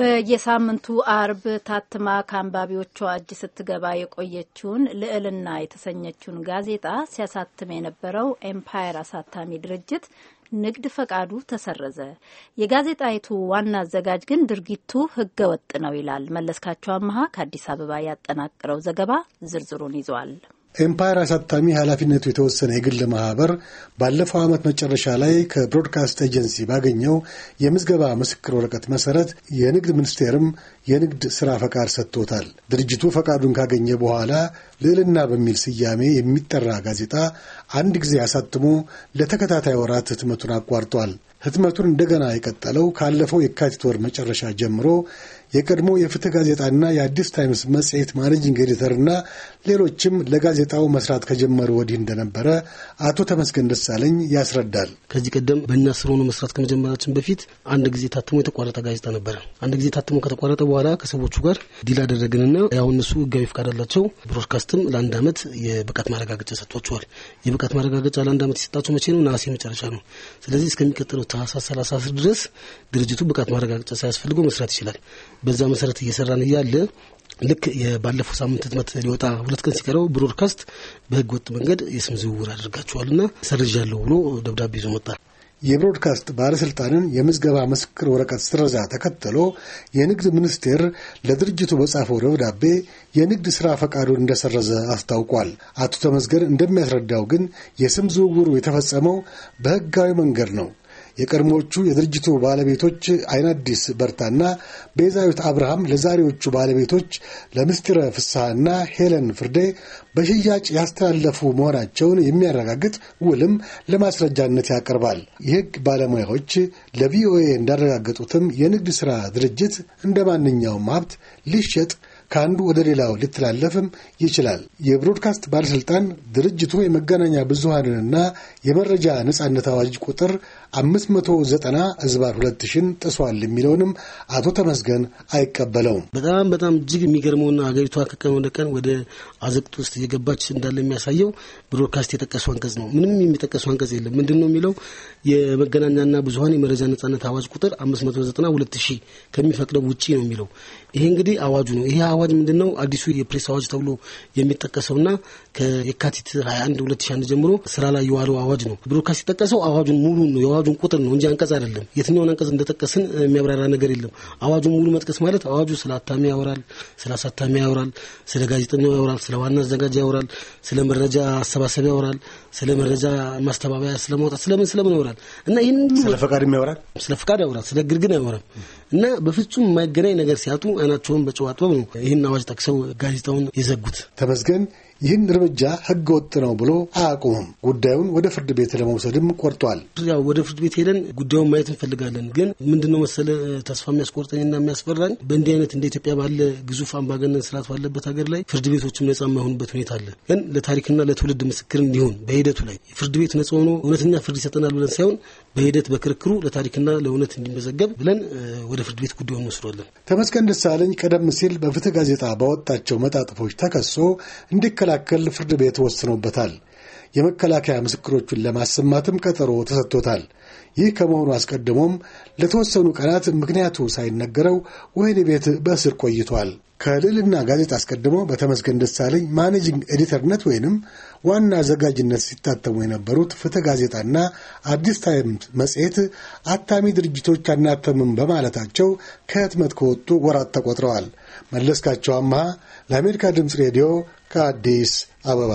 በየሳምንቱ አርብ ታትማ ከአንባቢዎቿ እጅ ስትገባ የቆየችውን ልዕልና የተሰኘችውን ጋዜጣ ሲያሳትም የነበረው ኤምፓየር አሳታሚ ድርጅት ንግድ ፈቃዱ ተሰረዘ። የጋዜጣይቱ ዋና አዘጋጅ ግን ድርጊቱ ወጥ ነው ይላል። መለስካቸው አመሀ ከአዲስ አበባ ያጠናቀረው ዘገባ ዝርዝሩን ይዟል። ኤምፓየር አሳታሚ ኃላፊነቱ የተወሰነ የግል ማህበር ባለፈው ዓመት መጨረሻ ላይ ከብሮድካስት ኤጀንሲ ባገኘው የምዝገባ ምስክር ወረቀት መሰረት የንግድ ሚኒስቴርም የንግድ ሥራ ፈቃድ ሰጥቶታል። ድርጅቱ ፈቃዱን ካገኘ በኋላ ልዕልና በሚል ስያሜ የሚጠራ ጋዜጣ አንድ ጊዜ አሳትሞ ለተከታታይ ወራት ህትመቱን አቋርጧል። ህትመቱን እንደገና የቀጠለው ካለፈው የካቲት ወር መጨረሻ ጀምሮ የቀድሞ የፍትህ ጋዜጣና የአዲስ ታይምስ መጽሔት ማኔጂንግ ኤዲተርና ሌሎችም ለጋዜጣው መስራት ከጀመሩ ወዲህ እንደነበረ አቶ ተመስገን ደሳለኝ ያስረዳል። ከዚህ ቀደም በእኛ ስር ሆኖ መስራት ከመጀመራችን በፊት አንድ ጊዜ ታትሞ የተቋረጠ ጋዜጣ ነበረ። አንድ ጊዜ ታትሞ ከተቋረጠ በኋላ ከሰዎቹ ጋር ዲል አደረግንና ያው እነሱ ህጋዊ ፍቃድ አላቸው። ብሮድካስትም ለአንድ ዓመት የብቃት ማረጋገጫ ሰጥቷቸዋል። የብቃት ማረጋገጫ ለአንድ አመት የሰጣቸው መቼ ነው? ነሐሴ መጨረሻ ነው። ስለዚህ እስከሚቀጥለው ታህሳስ ሰላሳ አስር ድረስ ድርጅቱ ብቃት ማረጋገጫ ሳያስፈልገው መስራት ይችላል። በዛ መሰረት እየሰራን እያለ ልክ የባለፈው ሳምንት ህትመት ሊወጣ ሁለት ቀን ሲቀረው ብሮድካስት በህገ ወጥ መንገድ የስም ዝውውር አድርጋችኋልና ሰርዣለሁ ብሎ ደብዳቤ ይዞ መጣል የብሮድካስት ባለሥልጣንን የምዝገባ ምስክር ወረቀት ስረዛ ተከትሎ የንግድ ሚኒስቴር ለድርጅቱ በጻፈው ደብዳቤ የንግድ ሥራ ፈቃዱን እንደሰረዘ አስታውቋል። አቶ ተመዝገን እንደሚያስረዳው ግን የስም ዝውውሩ የተፈጸመው በሕጋዊ መንገድ ነው። የቀድሞዎቹ የድርጅቱ ባለቤቶች አይናዲስ በርታና ቤዛዊት አብርሃም ለዛሬዎቹ ባለቤቶች ለምስጢረ ፍስሐና ሄለን ፍርዴ በሽያጭ ያስተላለፉ መሆናቸውን የሚያረጋግጥ ውልም ለማስረጃነት ያቀርባል። የሕግ ባለሙያዎች ለቪኦኤ እንዳረጋገጡትም የንግድ ሥራ ድርጅት እንደ ማንኛውም ሀብት ሊሸጥ ከአንዱ ወደ ሌላው ሊተላለፍም ይችላል። የብሮድካስት ባለሥልጣን ድርጅቱ የመገናኛ ብዙሃንንና የመረጃ ነጻነት አዋጅ ቁጥር 590 ዝባር 2000ን ጥሷል የሚለውንም አቶ ተመስገን አይቀበለውም። በጣም በጣም እጅግ የሚገርመውና አገሪቷ ከቀን ወደ ቀን ወደ አዘቅት ውስጥ እየገባች እንዳለ የሚያሳየው ብሮድካስት የጠቀሱ አንቀጽ ነው። ምንም የሚጠቀሱ አንቀጽ የለም። ምንድን ነው የሚለው የመገናኛና ብዙሀን የመረጃ ነጻነት አዋጅ ቁጥር 590 ከሚፈቅደው ውጪ ነው የሚለው። ይሄ እንግዲህ አዋጁ ነው። ይሄ አዋጅ ምንድን ነው? አዲሱ የፕሬስ አዋጅ ተብሎ የሚጠቀሰውና ከየካቲት 21 2001 ጀምሮ ስራ ላይ የዋለው አዋጅ ነው። ብሮድካስት የጠቀሰው አዋጁን ሙሉ ነው፣ የአዋጁን ቁጥር ነው እንጂ አንቀጽ አይደለም። የትኛውን አንቀጽ እንደጠቀስን የሚያብራራ ነገር የለም። አዋጁን ሙሉ መጥቀስ ማለት አዋጁ ስለ አታሚ ያወራል፣ ስለ አሳታሚ ያወራል፣ ስለ ጋዜጠኛው ያወራል፣ ስለ ዋና አዘጋጅ ያወራል፣ ስለ መረጃ አሰባሰብ ያወራል፣ ስለ መረጃ ማስተባበያ ስለማውጣት ስለምን ስለምን ያወራል እና ይህን ስለ ፈቃድ ያወራል፣ ስለ ፈቃድ ያወራል፣ ስለ ግርግን ያወራል እና በፍጹም የማይገናኝ ነገር ሲያጡ አይናቸውን በጨዋጥበብ ነው ይህን አዋጅ ጠቅሰው ጋዜጣውን የዘጉት። ተመስገን ይህን እርምጃ ህገ ወጥ ነው ብሎ አያቁምም። ጉዳዩን ወደ ፍርድ ቤት ለመውሰድም ቆርጧል። ያው ወደ ፍርድ ቤት ሄደን ጉዳዩን ማየት እንፈልጋለን። ግን ምንድነው መሰለ ተስፋ የሚያስቆርጠኝና የሚያስፈራኝ በእንዲህ አይነት እንደ ኢትዮጵያ ባለ ግዙፍ አምባገነን ስርዓት ባለበት ሀገር ላይ ፍርድ ቤቶችም ነጻ የማይሆኑበት ሁኔታ አለ። ግን ለታሪክና ለትውልድ ምስክር እንዲሆን በሂደቱ ላይ ፍርድ ቤት ነጻ ሆኖ እውነተኛ ፍርድ ይሰጠናል ብለን ሳይሆን በሂደት በክርክሩ ለታሪክና ለእውነት እንዲመዘገብ ብለን ወደ ፍርድ ቤት ጉዳዩን ወስዷለን። ተመስገን ደሳለኝ ቀደም ሲል በፍትህ ጋዜጣ ባወጣቸው መጣጥፎች ተከሶ እንዲከላ እንዲከላከል ፍርድ ቤት ወስኖበታል። የመከላከያ ምስክሮቹን ለማሰማትም ቀጠሮ ተሰጥቶታል። ይህ ከመሆኑ አስቀድሞም ለተወሰኑ ቀናት ምክንያቱ ሳይነገረው ወህኒ ቤት በእስር ቆይቷል። ከልዕልና ጋዜጣ አስቀድሞ በተመስገን ደሳለኝ ማኔጂንግ ኤዲተርነት ወይንም ዋና አዘጋጅነት ሲታተሙ የነበሩት ፍትህ ጋዜጣና አዲስ ታይምስ መጽሔት አታሚ ድርጅቶች አናተምም በማለታቸው ከህትመት ከወጡ ወራት ተቆጥረዋል። መለስካቸው አምሃ ለአሜሪካ ድምፅ ሬዲዮ ከአዲስ አበባ